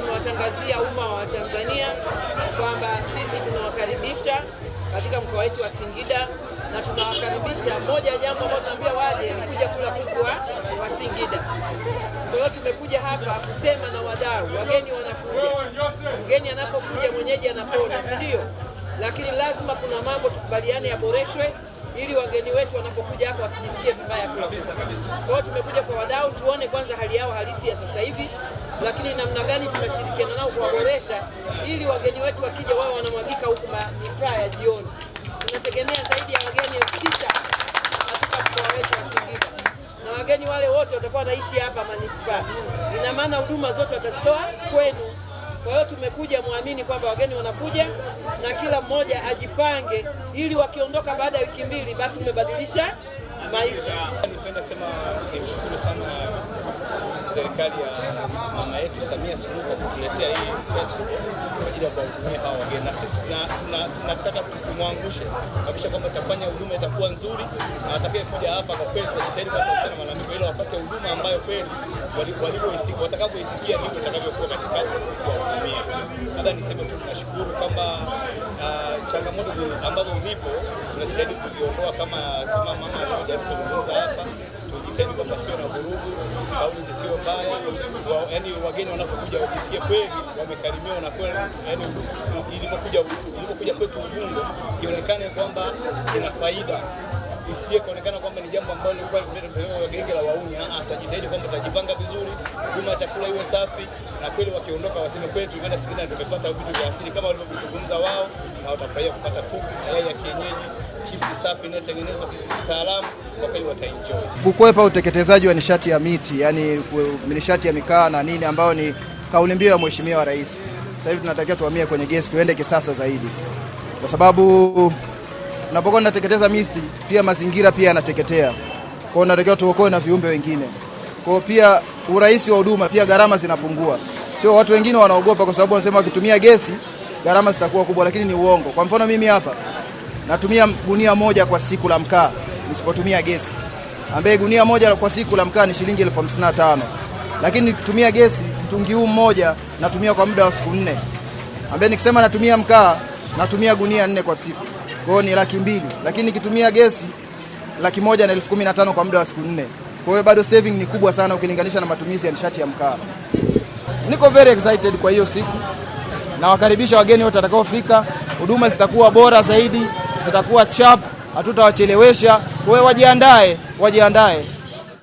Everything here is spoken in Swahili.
tunawatangazia umma wa Tanzania kwamba sisi tunawakaribisha katika mkoa wetu wa Singida na tunawakaribisha. Moja ya jambo ambalo tunaambia waje kuja kula kuku wa Singida. Kwa hiyo tumekuja hapa kusema na wadau, wageni wanakuja, mgeni anapokuja mwenyeji anapona, si ndio? Lakini lazima kuna mambo tukubaliane yaboreshwe ili wageni wetu wanapokuja hapa wasijisikie vibaya kula kuku. Kwa hiyo tumekuja kwa wadau tuone kwanza hali lakini namna gani tunashirikiana nao kuwaboresha ili wageni wetu wakija wao wanamwagika huku mitaa ya jioni. Tunategemea zaidi ya wageni elfu sita katika mkoa wetu wa Singida, na wageni wale wote watakuwa wanaishi hapa manispaa. Ina maana huduma zote watazitoa kwenu. Kwa hiyo tumekuja muamini kwamba wageni wanakuja na kila mmoja ajipange, ili wakiondoka baada ya wiki mbili, basi umebadilisha maisha. Nipenda sema nimshukuru sana serikali ya mama yetu Samia Suluhu kwa kutuletea hii festival kwa ajili ya kuwahudumia hawa wageni, na sisi tunataka tusimwangushe kuhakikisha kwamba tutafanya huduma itakuwa nzuri, na watakaye kuja hapa kwa kweli tutajitahidi kuwasiliana malalamiko, ili wapate huduma ambayo kweli walivyoisikia watakavyoisikia ndivyo itakavyokuwa katika kuwahudumia nadhani niseme tu tunashukuru kwamba uh, changamoto ambazo zipo tunajitahidi kuziondoa, kama kama mama alijaribu kuzungumza hapa, tujitahidi kwamba sio na vurugu au zisiwe mbaya, yaani wageni wanapokuja wakisikia kweli wamekarimiwa na kweli, yaani ilipokuja kwetu Ubungo ionekane kwamba ina faida isije kuonekana kwamba ni jambo ambalo lilikuwa limetelewa genge la wauni. Atajitahidi ah, kwamba atajipanga vizuri, huduma ya chakula iwe safi, na kweli wakiondoka waseme kweli tulikwenda Singida tumepata vitu vya asili kama walivyozungumza wao, na watafurahia kupata kuku, mayai ya kienyeji, chips safi inayotengenezwa kitaalamu, kwa kweli wataenjoy. Kukwepa uteketezaji wa nishati ya miti, yani nishati ya mikaa na nini, ambayo ni kauli mbiu ya Mheshimiwa Rais. Sasa hivi tunatakiwa tuhamie kwenye gesi, tuende kisasa zaidi, kwa sababu Unapokuwa unateketeza misti pia mazingira pia yanateketea, kwao hiyo unatakiwa tuokoe na viumbe wengine. Kwa pia urahisi wa huduma, pia gharama zinapungua. Sio watu wengine wanaogopa, kwa sababu wanasema wakitumia gesi gharama zitakuwa kubwa, lakini ni uongo. Kwa mfano mimi hapa natumia gunia moja kwa siku la mkaa nisipotumia gesi, ambaye gunia moja kwa siku la mkaa ni shilingi elfu hamsini na tano lakini nikitumia gesi mtungi huu mmoja natumia kwa muda wa siku nne, ambaye nikisema natumia mkaa natumia gunia nne kwa siku kwa hiyo ni laki mbili, lakini nikitumia gesi laki moja na elfu kumi na tano kwa muda wa siku nne. Kwa hiyo bado saving ni kubwa sana ukilinganisha na matumizi ya nishati ya mkaa. Niko very excited kwa hiyo siku, nawakaribisha wageni wote watakaofika. Huduma zitakuwa bora zaidi, zitakuwa chap, hatutawachelewesha. Kwa hiyo wajiandae, wajiandae.